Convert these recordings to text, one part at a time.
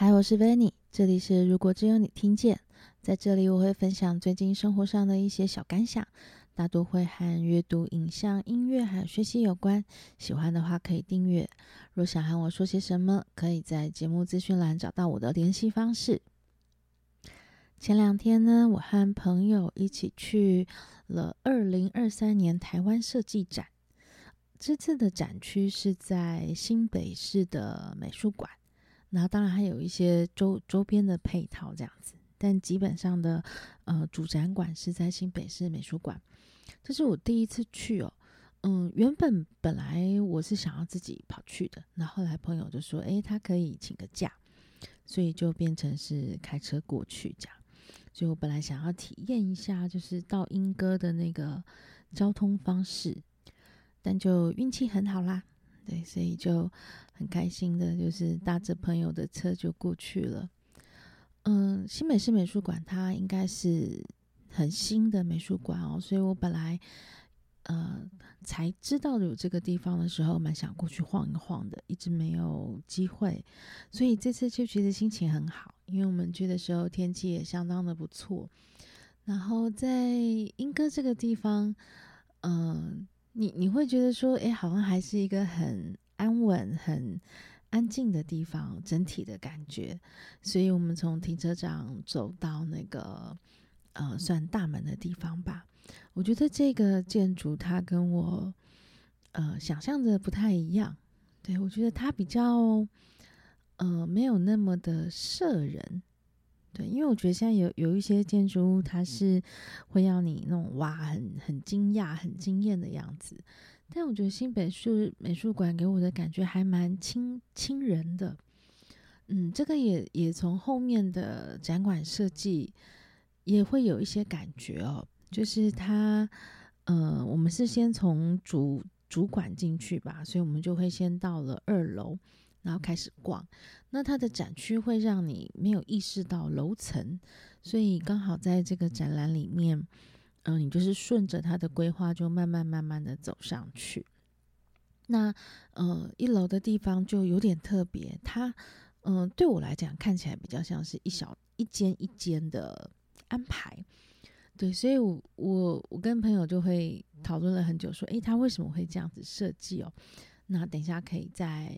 嗨，Hi, 我是 Vanny，這裡是如果只有你聽見。在這裡，我會分享最近生活上的一些小感想，大多會和閱讀、影像、音樂還有學習有關。喜歡的話可以訂閱。若想和我說些什麼，可以在節目資訊欄找到我的聯繫方式。前兩天呢，我和朋友一起去了二零二三年台灣設計展。這次的展區是在新北市的美術館。然後當然還有一些周周邊的配套這樣子，但基本上的，呃，主展館是在新北市美術館。這是我第一次去哦，嗯，原本本來我是想要自己跑去的，那後來朋友就說，誒，他可以請個假，所以就變成是開車過去這樣。所以我本來想要體驗一下，就是到鶯歌的那個交通方式，但就運氣很好啦。對，所以就很開心的，就是搭着朋友的車就過去了。嗯，新北市美術館它應該是很新的美術館哦，所以我本來呃才知道有這個地方的時候，蠻想過去晃一晃的，一直沒有機會，所以這次就覺得心情很好，因為我們去的時候天氣也相當的不錯。然後在鶯歌這個地方，嗯、呃。你你會覺得說，誒、欸，好像還是一個很安穩、很安靜的地方，整體的感覺。所以，我們從停車場走到那個，呃，算大門的地方吧。我覺得這個建築它跟我，呃，想象的不太一樣。對，我覺得它比較，呃，沒有那麼的攝人。對，因為我覺得現在有有一些建築物，它是會讓你那種哇，很很驚訝、很驚艷的樣子。但我覺得新北市美術館給我的感覺還蠻親親人的，嗯，這個也也從後面的展館設計也會有一些感覺哦。就是它，呃，我們是先從主主館進去吧，所以我們就會先到了二樓。然後開始逛，那它的展區會讓你沒有意識到樓層，所以剛好在這個展覽裡面，嗯、呃，你就是順着它的規劃，就慢慢慢慢的走上去。那呃，一樓的地方就有點特別，它嗯、呃，對我來講看起來比較像是一小一間一間的安排，對，所以我我我跟朋友就會討論了很久，說，誒，它為什麼會這樣子設計哦？那等一下可以再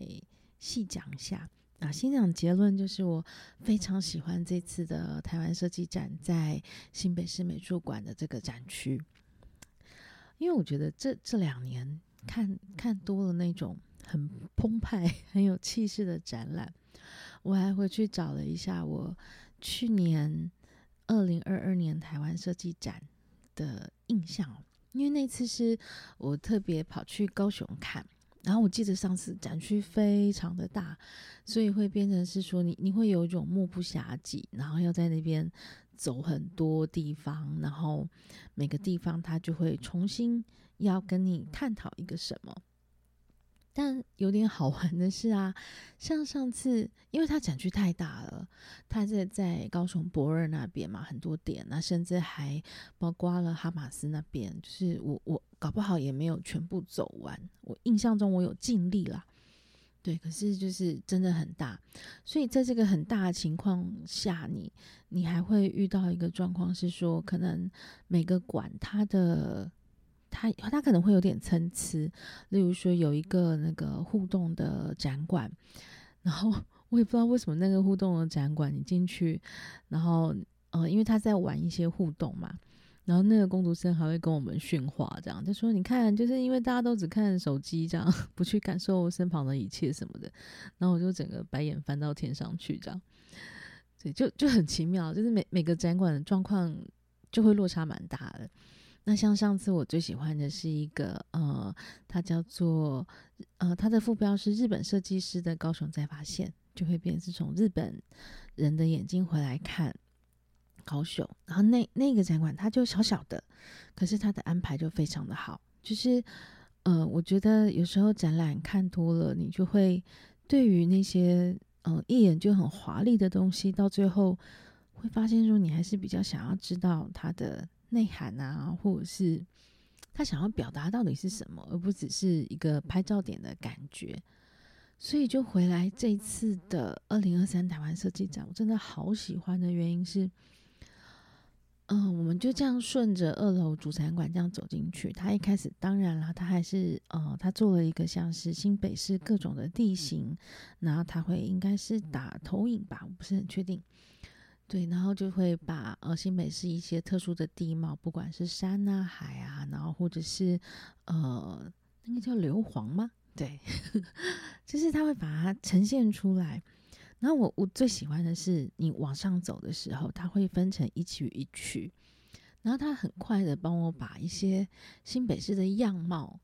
細講一下啊，先講結論，就是我非常喜歡這次的台灣設計展在新北市美術館的這個展區，因為我覺得這這兩年看看多了那種很澎湃、很有氣勢的展覽，我還回去找了一下我去年2022年台灣設計展的印象，因為那次是我特別跑去高雄看。然後我記得上次展區非常的大，所以會變成是說你你會有一種目不暇給，然後要在那邊走很多地方，然後每個地方他就會重新要跟你探討一個什麼。但有點好玩的是啊，像上次，因為他展區太大了，他在在高雄駁二那邊嘛，很多點啊，甚至還包括了哈瑪星那邊，就是我我搞不好也沒有全部走完。我印象中我有盡力啦，對，可是就是真的很大，所以在這個很大的情況下，你你還會遇到一個狀況是說，可能每個館它的。他他可能會有點參差，例如說有一個那個互動的展館，然後我也不知道為什麼那個互動的展館，你進去，然後呃，因為他在玩一些互動嘛，然後那個工讀生還會跟我們訓話，這樣就說你看，就是因為大家都只看手機這樣，不去感受身旁的一切什麼的，然後我就整個白眼翻到天上去這樣，對，就就很奇妙，就是每每個展館的狀況就會落差蠻大的。那像上次我最喜歡的是一個呃，它叫做呃，它的副標是日本設計師的高雄再發現，就會變成是從日本人的眼睛回來看高雄。然後那那個展館它就小小的，可是它的安排就非常的好。就是呃，我覺得有時候展覽看多了，你就會對於那些嗯、呃、一眼就很華麗的東西，到最後會發現說你還是比較想要知道它的。內涵啊，或者是他想要表達到底是什麼，而不只是一個拍照點的感覺。所以就回來這一次的二零二三台灣設計展，我真的好喜歡的原因是，嗯、呃，我們就這樣順着二樓主展館這樣走進去。他一開始當然了，他還是呃，他做了一個像是新北市各種的地形，然後他會應該是打投影吧，我不是很確定。對，然後就會把呃新北市一些特殊的地貌，不管是山啊海啊，然後或者是呃那個叫硫磺嗎？對， 就是他會把它呈現出來。然後我我最喜歡的是，你往上走的時候，他會分成一區一區，然後他很快的幫我把一些新北市的樣貌，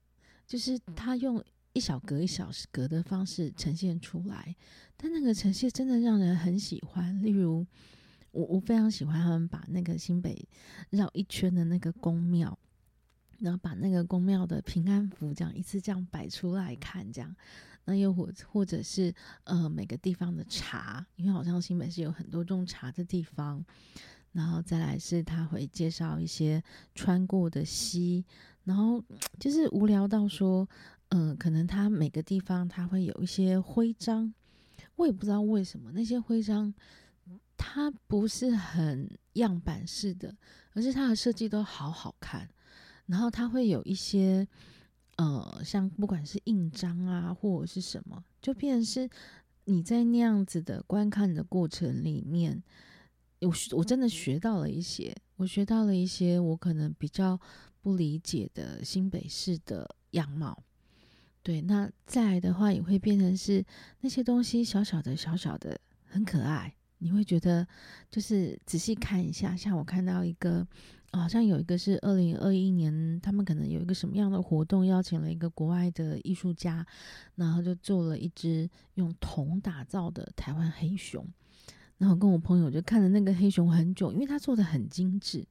就是他用一小格一小格的方式呈現出來，但那個呈現真的讓人很喜歡，例如。我我非常喜歡他們把那個新北繞一圈的那個宮廟，然後把那個宮廟的平安符這樣一次這樣擺出來看，這樣，那又或或者是呃每個地方的茶，因為好像新北是有很多種茶的地方，然後再來是他會介紹一些穿過的溪，然後就是無聊到說，嗯、呃，可能他每個地方他會有一些徽章，我也不知道為什麼那些徽章，它不是很樣板式的，而是它的設計都好好看。然後它會有一些，呃，像不管是印章啊，或者是什麼，就變成是你在那樣子的觀看的過程裡面，我我真的學到了一些，我學到了一些我可能比較不理解的新北市的樣貌。對，那再來的話，也會變成是那些東西小小的、小小的，很可愛。你會覺得，就是仔細看一下，像我看到一個，好像有一個是二零二一年，他們可能有一個什麼樣的活動，邀請了一個國外的藝術家，然後就做了一隻用銅打造的台灣黑熊，然後跟我朋友就看了那個黑熊很久，因為它做的很精緻。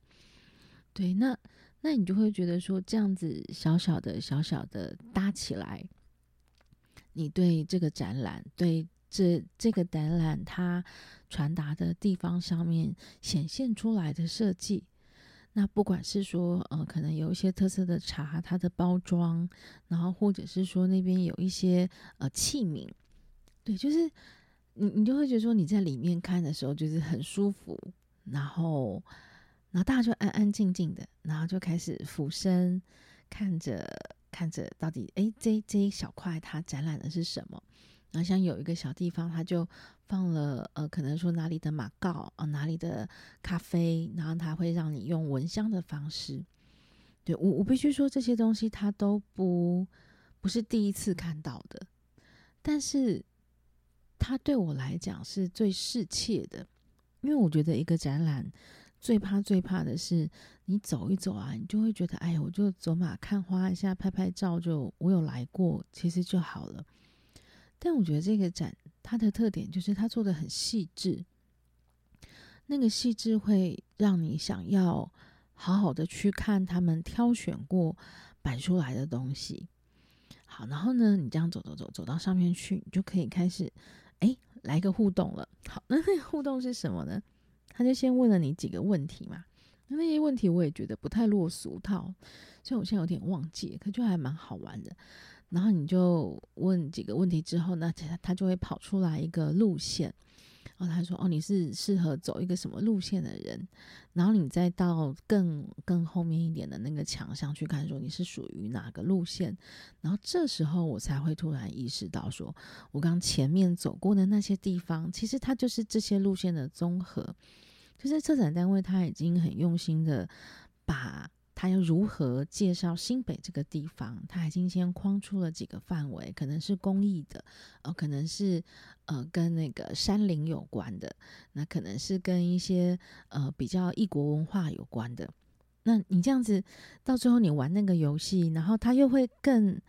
對，那那你就會覺得說，這樣子小小的小小的搭起來，你對這個展覽對。是這個展覽，它傳達的地方上面顯現出來的設計。那不管是說，呃，可能有一些特色的茶，它的包裝，然後或者是說那邊有一些呃器皿，對，就是你，你就會覺得說你在裡面看的時候就是很舒服，然後，然後大家就安安靜靜的，然後就開始俯身看着，看着到底，哎、欸，這一這一小塊它展覽的是什麼？好像有一個小地方，他就放了呃，可能說哪裡的馬告啊，哪裡的咖啡，然後他會讓你用聞香的方式。對，我，我必須說這些東西他都不不是第一次看到的，但是他對我來講是最適切的，因為我覺得一個展覽最怕最怕的是你走一走啊，你就會覺得哎呀，我就走馬看花一下，拍拍照就我有來過，其實就好了。但我覺得這個展，它的特點就是它做的很細緻，那個細緻會讓你想要好好的去看他們挑選過擺出來的東西。好，然後呢，你這樣走走走走到上面去，你就可以開始，哎，來個互動了。好，那那個互動是什麼呢？他就先問了你幾個問題嘛。那那些問題我也覺得不太落俗套，所以我現在有點忘記，可就還蠻好玩的。然後你就問幾個問題之後呢，那他他就會跑出來一個路線，然後他說：“哦，你是適合走一個什麼路線的人。”然後你再到更更後面一點的那個牆上去看，說你是屬於哪個路線。然後這時候我才會突然意識到說，說我剛前面走過的那些地方，其實它就是這些路線的綜合。就是策展單位他已經很用心的把。他又如何介紹新北這個地方？他已經先框出了幾個範圍，可能是公益的，呃，可能是呃跟那個山林有關的，那可能是跟一些呃比較異國文化有關的。那你這樣子到最後，你玩那個遊戲，然後他又會更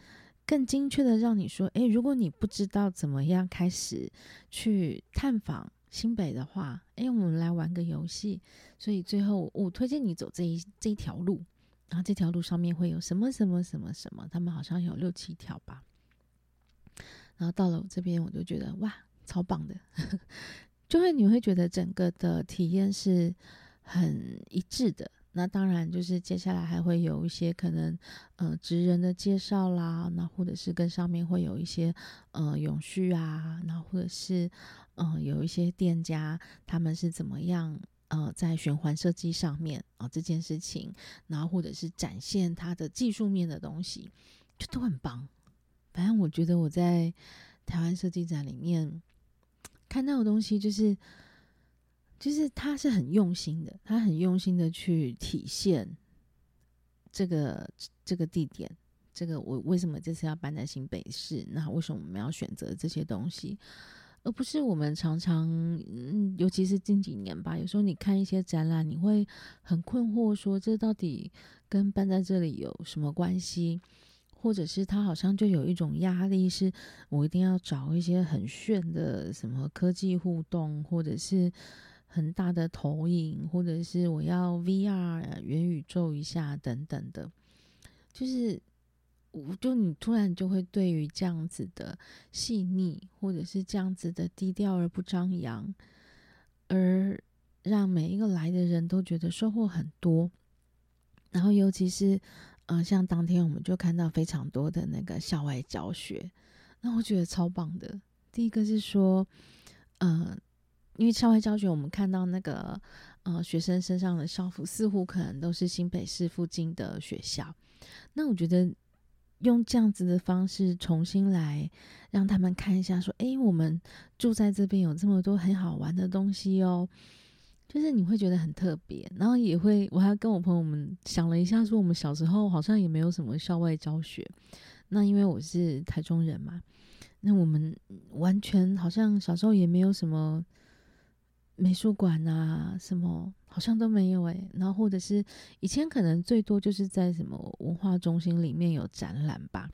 更精確的讓你說，哎，如果你不知道怎麼樣開始去探訪新北的話，哎，我們來玩個遊戲。所以最後我，哦，推薦你走這一這一條路。然後這條路上面會有什麼什麼什麼什麼，他們好像有六七條吧。然後到了我這邊，我就覺得哇，超棒的， 就會你會覺得整個的體驗是很一致的。那當然就是接下來還會有一些可能，呃，職人的介紹啦，那或者是跟上面會有一些，呃，永續啊，然後或者是，嗯、呃，有一些店家他們是怎麼樣。呃，在循環設計上面啊、哦，這件事情，然後或者是展現它的技術面的東西，就都很棒。反正我覺得我在台灣設計展裡面看到的東西，就是，就是他是很用心的，他很用心的去體現這個這個地點，這個我為什麼這次要搬到新北市，那為什麼我們要選擇這些東西？而不是我們常常，嗯，尤其是近幾年吧，有時候你看一些展覽，你會很困惑，說這到底跟辦在這裡有什麼關係？或者是他好像就有一種壓力，是我一定要找一些很炫的什麼科技互動，或者是很大的投影，或者是我要 VR 啊，元宇宙一下等等的，就是。就你突然就會對於這樣子的細膩，或者是這樣子的低調而不張揚，而讓每一個來的人都覺得收穫很多。然後，尤其是嗯、呃，像當天我們就看到非常多的那個校外教學，那我覺得超棒的。第一個是說，嗯、呃，因為校外教學我們看到那個呃學生身上的校服似乎可能都是新北市附近的學校，那我覺得。用這樣子的方式重新來讓他們看一下，說：“哎，我們住在這邊有這麼多很好玩的東西哦，就是你會覺得很特別。”然後也會，我還跟我朋友們想了一下，說我們小時候好像也沒有什麼校外教學。那因為我是台中人嘛，那我們完全好像小時候也沒有什麼。美術館啊，什麼好像都沒有誒、欸、然後或者是以前可能最多就是在什麼文化中心裡面有展覽吧，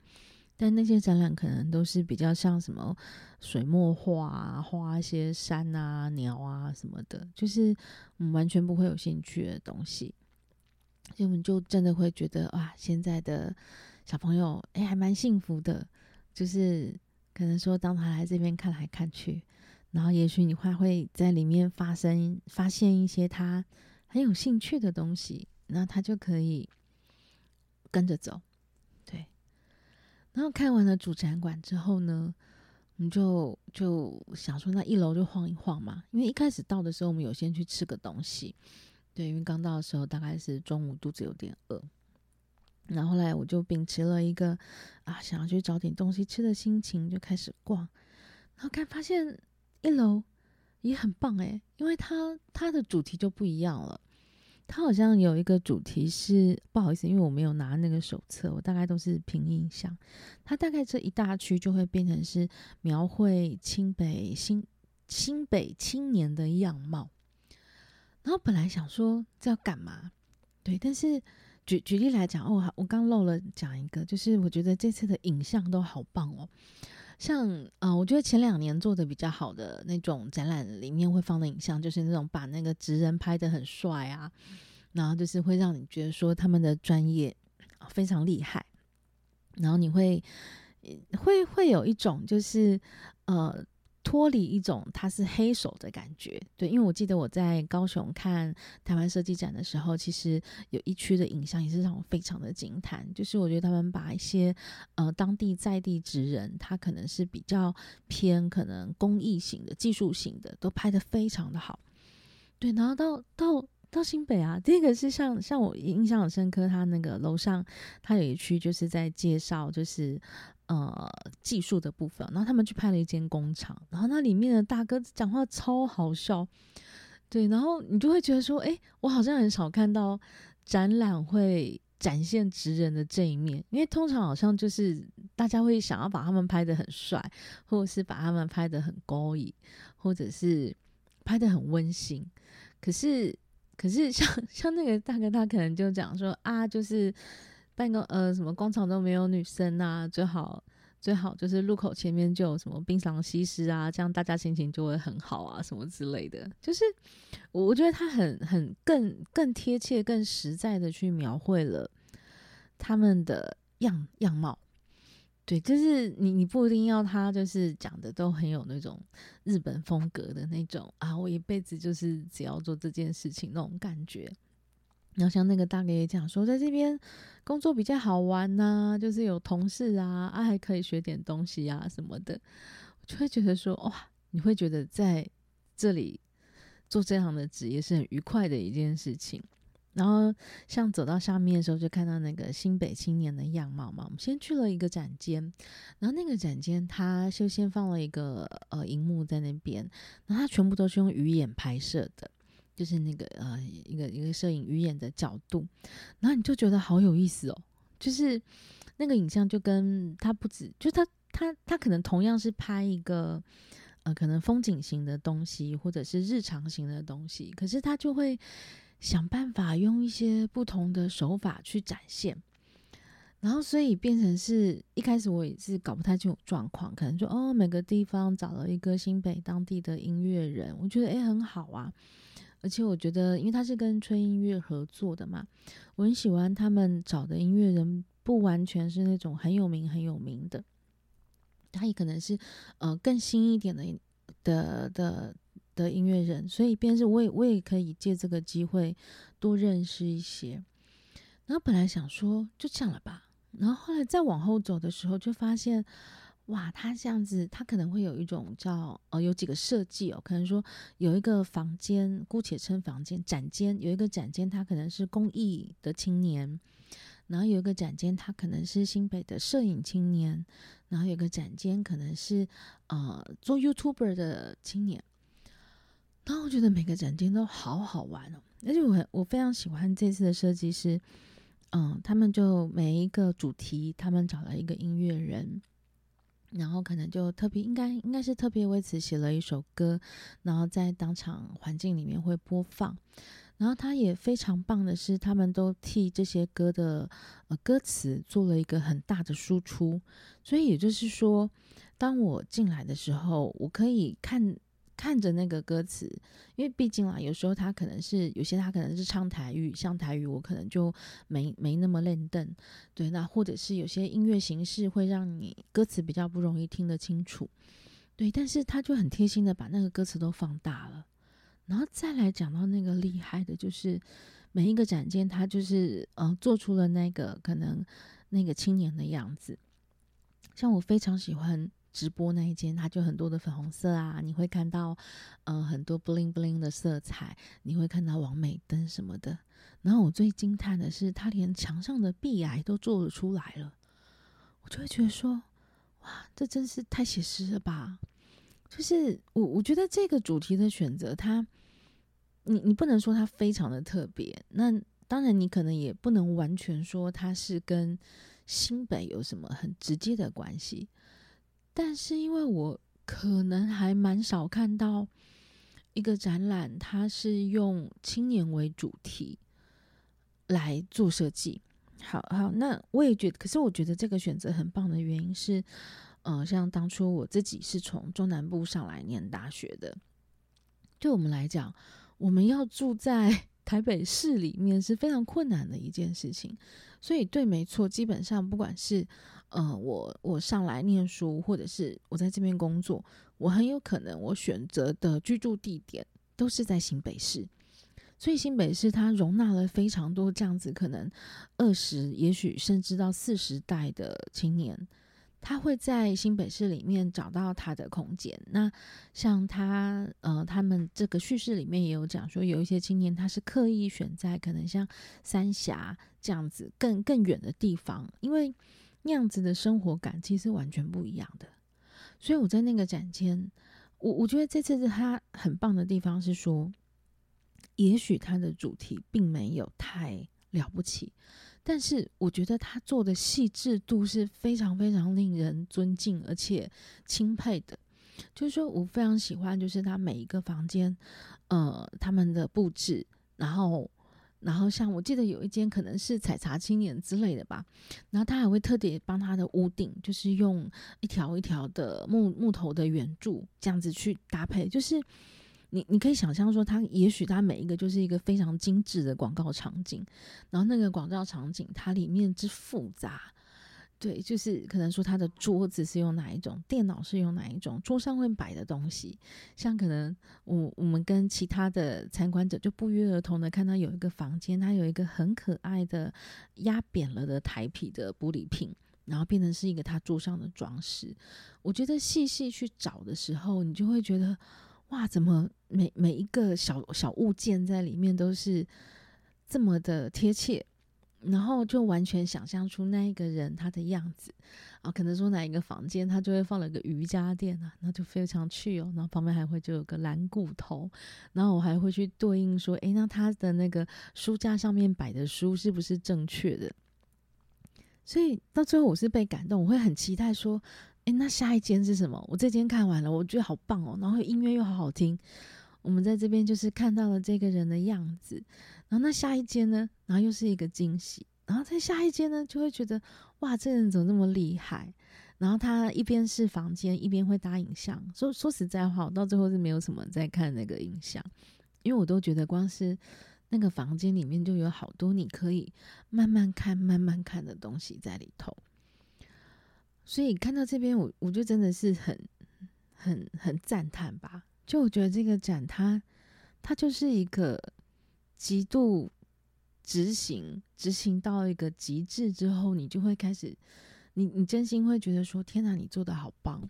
但那些展覽可能都是比較像什麼水墨畫啊，畫一些山啊、鳥啊什麼的，就是我們完全不會有興趣的東西。所以我們就真的會覺得哇，現在的小朋友誒、欸、還蠻幸福的，就是可能說當他來這邊看來看去。然後，也許你會會在裡面發生、發現一些他很有興趣的東西，那他就可以跟着走。對。然後看完了主展館之後呢，我們就就想說那一樓就晃一晃嘛。因為一開始到的時候，我們有先去吃個東西。對，因為剛到的時候大概是中午，肚子有點餓。然後，後來我就秉持了一個啊，想要去找點東西吃的心情，就開始逛。然後看發現。一樓也很棒哎，欸，因為它它的主題就不一樣了。它好像有一個主題是，不好意思，因為我沒有拿那個手冊，我大概都是憑印象。它大概這一大區就會變成是描繪新北新新北青年的樣貌。然後本來想說這要幹嘛？對，但是舉舉例來講，哦，我剛漏了講一個，就是我覺得這次的影像都好棒哦。像啊，呃，我覺得前兩年做的比較好的那種展覽裡面會放的影像，就是那種把那個職人拍得很帥啊，然後就是會讓你覺得說他們的專業非常厲害，然後你會會會有一種就是呃。脫離一種他是黑手的感覺，對，因為我記得我在高雄看台灣設計展的時候，其實有一區的影像也是讓我非常的驚嘆，就是我覺得他們把一些呃當地在地職人，他可能是比較偏可能工藝型的技術型的，都拍得非常的好，對，然後到到到新北啊，第一個是像像我印象很深刻，他那個樓上他有一區就是在介紹就是。呃，技術的部分，然後他們去拍了一間工廠，然後那裡面的大哥講話超好笑，對，然後你就會覺得說，誒，我好像很少看到展覽會展現職人的這一面，因為通常好像就是大家會想要把他們拍得很帥，或者是把他們拍得很高雅，或者是拍得很溫馨，可是，可是像像那個大哥他可能就講說啊，就是。辦公呃，什麼工廠都沒有女生啊，最好最好就是路口前面就有什麼冰上西施啊，這樣大家心情就會很好啊，什麼之類的。就是我我覺得他很很更更貼切，更實在的去描繪了他們的樣樣貌。對，就是你你不一定要他就是講的都很有那種日本風格的那種啊，我一輩子就是只要做這件事情那種感覺。然後像那個大哥也講說，在這邊工作比較好玩吶、啊，就是有同事啊啊，還可以學點東西啊什麼的，我就會覺得說哇，你會覺得在這裡做這樣的職業是很愉快的一件事情。然後像走到下面的時候，就看到那個新北青年的樣貌嘛。我們先去了一個展間，然後那個展間它就先放了一個呃熒幕在那邊，然後它全部都是用魚眼拍攝的。就是那個呃，一個一個攝影語言的角度，然後你就覺得好有意思哦。就是那個影像，就跟他不止，就他他他可能同樣是拍一個呃，可能風景型的東西，或者是日常型的東西，可是他就會想辦法用一些不同的手法去展現。然後，所以變成是一開始我也是搞不太清楚狀況，可能就哦，每個地方找到一個新北當地的音樂人，我覺得誒很好啊。而且我覺得，因為他是跟吹音樂合作的嘛，我很喜歡他們找的音樂人，不完全是那種很有名很有名的，他也可能是，呃，更新一點的的的的音樂人，所以變成我也我也可以借這個機會多認識一些。然後本來想說就這樣了吧，然後後來再往後走的時候，就發現。哇，他這樣子，他可能會有一種叫呃，有幾個設計哦，可能說有一個房間，姑且稱房間展間，有一個展間，他可能是工藝的青年，然後有一個展間，他可能是新北的攝影青年，然後有一個展間，可能是呃做 YouTuber 的青年。然後我覺得每個展間都好好玩哦，而且我我非常喜歡這次的設計師，嗯，他們就每一個主題，他們找了一個音樂人。然後可能就特別應該應該是特別為此寫了一首歌，然後在當場環境裡面會播放。然後他也非常棒的是，他們都替這些歌的，呃，歌詞做了一個很大的輸出。所以也就是說，當我進來的時候，我可以看。看着那個歌詞，因為畢竟啦，有時候他可能是有些他可能是唱台語，像台語我可能就沒沒那麼認真，對。那或者是有些音樂形式會讓你歌詞比較不容易聽得清楚，對。但是他就很貼心的把那個歌詞都放大了，然後再來講到那個厲害的，就是每一個展件他就是嗯、呃、做出了那個可能那個青年的樣子，像我非常喜歡。直播那一間，它就很多的粉紅色啊，你會看到嗯、呃、很多 bling bling 的色彩，你會看到網美燈什麼的。然後我最驚嘆的是，他連牆上的壁癌都做出來了，我就會覺得說，哇，這真是太寫實了吧！就是我我覺得這個主題的選擇，它你你不能說它非常的特別，那當然你可能也不能完全說它是跟新北有什麼很直接的關係。但是因為我可能還蠻少看到一個展覽，它是用青年為主題來做設計。好好，那我也覺得，可是我覺得這個選擇很棒的原因是，嗯、呃，像當初我自己是從中南部上來念大學的，對我們來講，我們要住在台北市裡面是非常困難的一件事情。所以對，沒錯，基本上不管是。呃、嗯，我我上來念書，或者是我在這邊工作，我很有可能我選擇的居住地點都是在新北市，所以新北市它容納了非常多這樣子可能二十，也許甚至到四十代的青年，他會在新北市裡面找到他的空間。那像他呃，他們這個敘事裡面也有講說，有一些青年他是刻意選在可能像三峽這樣子更更遠的地方，因為。那樣子的生活感其實完全不一樣的，所以我在那個展間，我我覺得這次是他很棒的地方是說，也許他的主題並沒有太了不起，但是我覺得他做的細致度是非常非常令人尊敬而且欽佩的，就是說我非常喜歡，就是他每一個房間，呃，他們的布置，然後。然後像我記得有一間可能是採茶青年之類的吧，然後他還會特別幫他的屋頂，就是用一條一條的木木頭的圓柱這樣子去搭配，就是你你可以想象說，他也許他每一個就是一個非常精致的廣告場景，然後那個廣告場景它裡面之複雜。對，就是可能說他的桌子是用哪一種，電腦是用哪一種，桌上會擺的東西，像可能我我們跟其他的參觀者就不約而同的看到他有一個房間，他有一個很可愛的壓扁了的台啤的玻璃瓶，然後變成是一個他桌上的裝飾。我覺得細細去找的時候，你就會覺得哇，怎麼每每一個小小物件在裡面都是這麼的貼切。然後就完全想象出那一個人他的樣子啊，可能說哪一個房間他就會放了個瑜伽墊啊，那就非常趣哦。然後旁邊還會就有個藍骨頭，然後我還會去對應說，誒，那他的那個書架上面擺的書是不是正確的？所以到最後我是被感動，我會很期待說，誒，那下一間是什麼？我這間看完了，我覺得好棒哦。然後音樂又好好聽，我們在這邊就是看到了這個人的樣子。然後那下一間呢？然後又是一個驚喜。然後在下一間呢，就會覺得哇，這人怎麼那麼厲害？然後他一邊是房間，一邊會搭影像。說說實在話，我到最後是沒有什麼在看那個影像，因為我都覺得光是那個房間裡面就有好多你可以慢慢看、慢慢看的東西在裡頭。所以看到這邊，我我就真的是很、很、很讚嘆吧。就我覺得這個展，它它就是一個。極度執行，執行到一個極致之後，你就會開始，你你真心會覺得說：天哪，你做的好棒！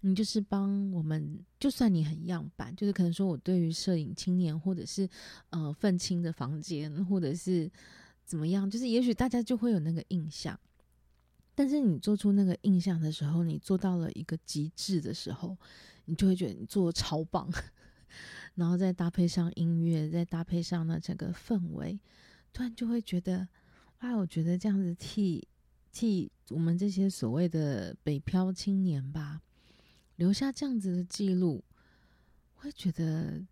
你就是幫我們，就算你很樣板，就是可能說我對於攝影青年，或者是呃憤青的房間，或者是怎麼樣，就是也許大家就會有那個印象。但是你做出那個印象的時候，你做到了一個極致的時候，你就會覺得你做的超棒。然後再搭配上音樂，再搭配上那整個氛圍，突然就會覺得，哇、哎！我覺得這樣子替替我們這些所謂的北漂青年吧，留下這樣子的記錄，我會覺得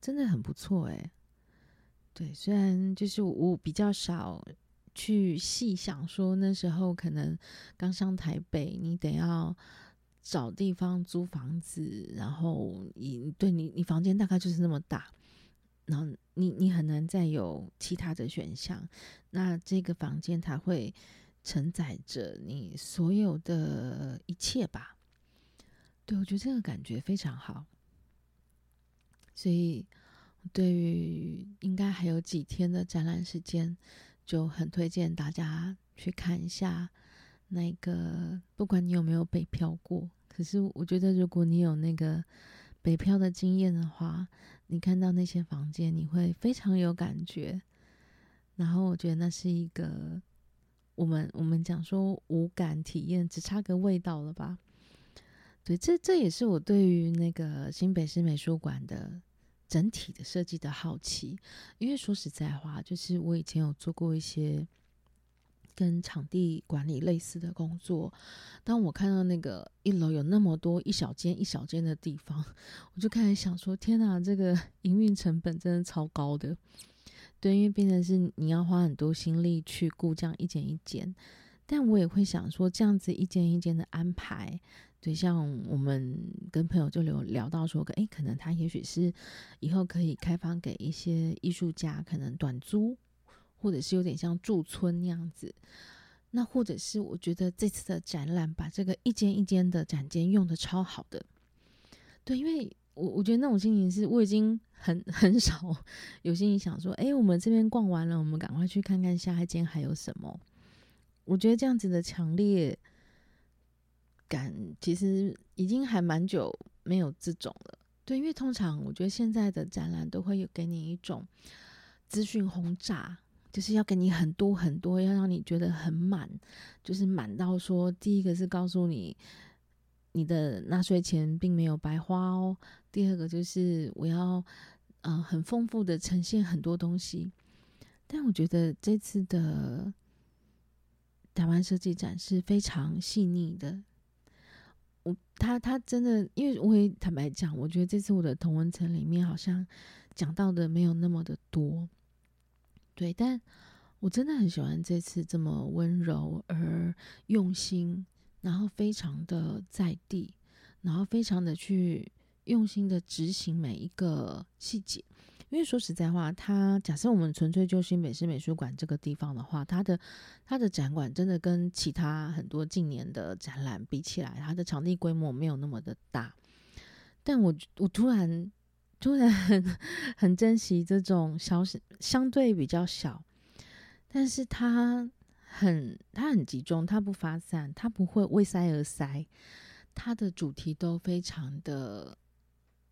真的很不錯哎。對，雖然就是我比較少去細想，說那時候可能剛上台北，你得要。找地方租房子，然後你對你你房間大概就是那麼大，然後你你很難再有其他的選項。那這個房間它會承載着你所有的一切吧？對，我覺得這個感覺非常好。所以對於應該還有幾天的展覽時間，就很推薦大家去看一下。那個，不管你有沒有北漂過，可是我覺得，如果你有那個北漂的經驗的話，你看到那些房間，你會非常有感覺。然後，我覺得那是一個我們我們講說五感體驗，只差個味道了吧？對，這這也是我對於那個新北市美術館的整體的設計的好奇，因為說實在話，就是我以前有做過一些。跟場地管理類似的工作，當我看到那個一樓有那麼多一小間一小間的地方，我就開始想說：天啊，這個營運成本真的超高的。對，因為變成是你要花很多心力去顧這樣一間一間。但我也會想說，這樣子一間一間的安排，對，像我們跟朋友就有聊到說，誒，可能他也許是以後可以開放給一些藝術家，可能短租。或者是有點像駐村那樣子，那或者是我覺得這次的展覽把這個一間一間的展間用得超好的，對，因為我我覺得那種心情是，我已經很很少有心情想說，哎、欸，我們這邊逛完了，我們趕快去看看下一間還有什麼。我覺得這樣子的強烈感，其實已經還蠻久沒有這種了。對，因為通常我覺得現在的展覽都會有給你一種資訊轟炸。就是要給你很多很多，要讓你覺得很滿，就是滿到說，第一個是告訴你你的納稅錢並沒有白花哦，第二個就是我要呃很豐富的呈現很多東西，但我覺得這次的台灣設計展是非常細膩的，我他他真的，因為我也坦白講，我覺得這次我的同溫層裡面好像講到的沒有那麼的多。對，但我真的很喜歡這次這麼溫柔而用心，然後非常的在地，然後非常的去用心的執行每一個細節。因為說實在話，它假設我們純粹就是新北市美術館這個地方的話，它的它的展館真的跟其他很多近年的展覽比起來，它的場地規模沒有那麼的大。但我我突然。突然很很珍惜這種小相相對比較小，但是他很他很集中，他不發散，他不會為塞而塞，他的主題都非常的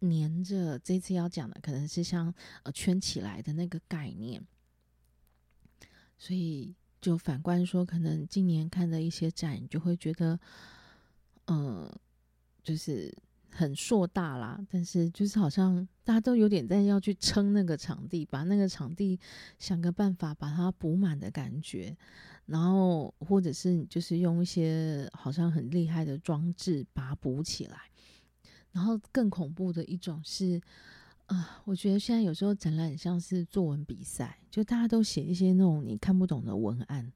黏着。這次要講的可能是像呃圈起來的那個概念，所以就反觀說，可能今年看的一些展，你就會覺得，嗯、呃，就是。很碩大啦，但是就是好像大家都有點在要去撐那個場地，把那個場地想個辦法把它補滿的感覺，然後或者是就是用一些好像很厲害的裝置把它補起來。然後更恐怖的一種是，啊、呃，我覺得現在有時候展覽很像是作文比賽，就大家都寫一些那種你看不懂的文案，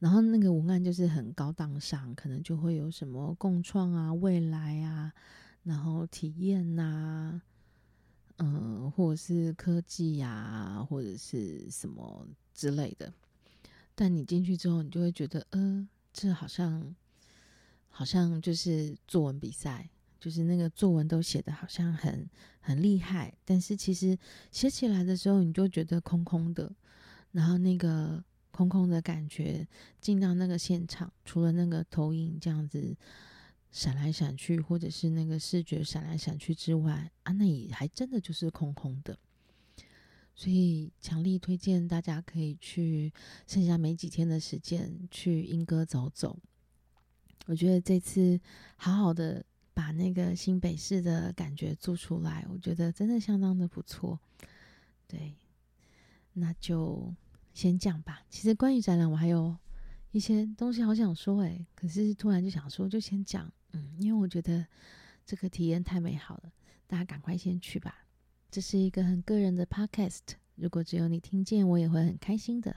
然後那個文案就是很高檔上，可能就會有什麼共創啊、未來啊。然後體驗吶、啊，嗯，或者是科技呀、啊，或者是什麼之類的。但你進去之後，你就會覺得，呃，這好像，好像就是作文比賽，就是那個作文都寫得好像很很厲害，但是其實寫起來的時候，你就覺得空空的。然後那個空空的感覺，進到那個現場，除了那個投影這樣子。閃來閃去，或者是那個視覺閃來閃去之外啊，那也還真的就是空空的。所以強力推薦大家可以去剩下沒幾天的時間去鶯歌走走。我覺得這次好好的把那個新北市的感覺做出來，我覺得真的相當的不錯。對，那就先講吧。其實關於展覽，我還有一些東西好想說誒、欸，可是突然就想說，就先講。嗯，因為我覺得這個體驗太美好了，大家趕快先去吧。這是一個很個人的 podcast，如果只有你聽見，我也會很開心的。